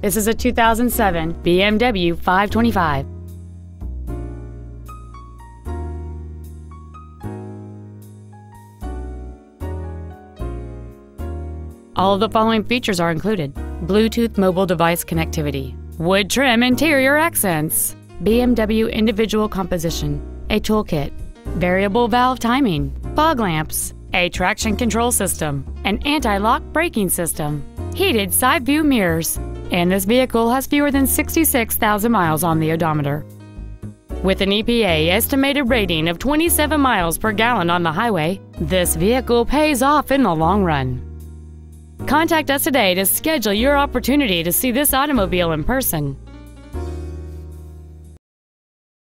This is a 2007 BMW 525. All of the following features are included. Bluetooth mobile device connectivity, wood trim interior accents, BMW individual composition, a toolkit, variable valve timing, fog lamps, a traction control system, an anti-lock braking system, heated side view mirrors, and this vehicle has fewer than 66,000 miles on the odometer. With an EPA estimated rating of 27 miles per gallon on the highway, this vehicle pays off in the long run. Contact us today to schedule your opportunity to see this automobile in person.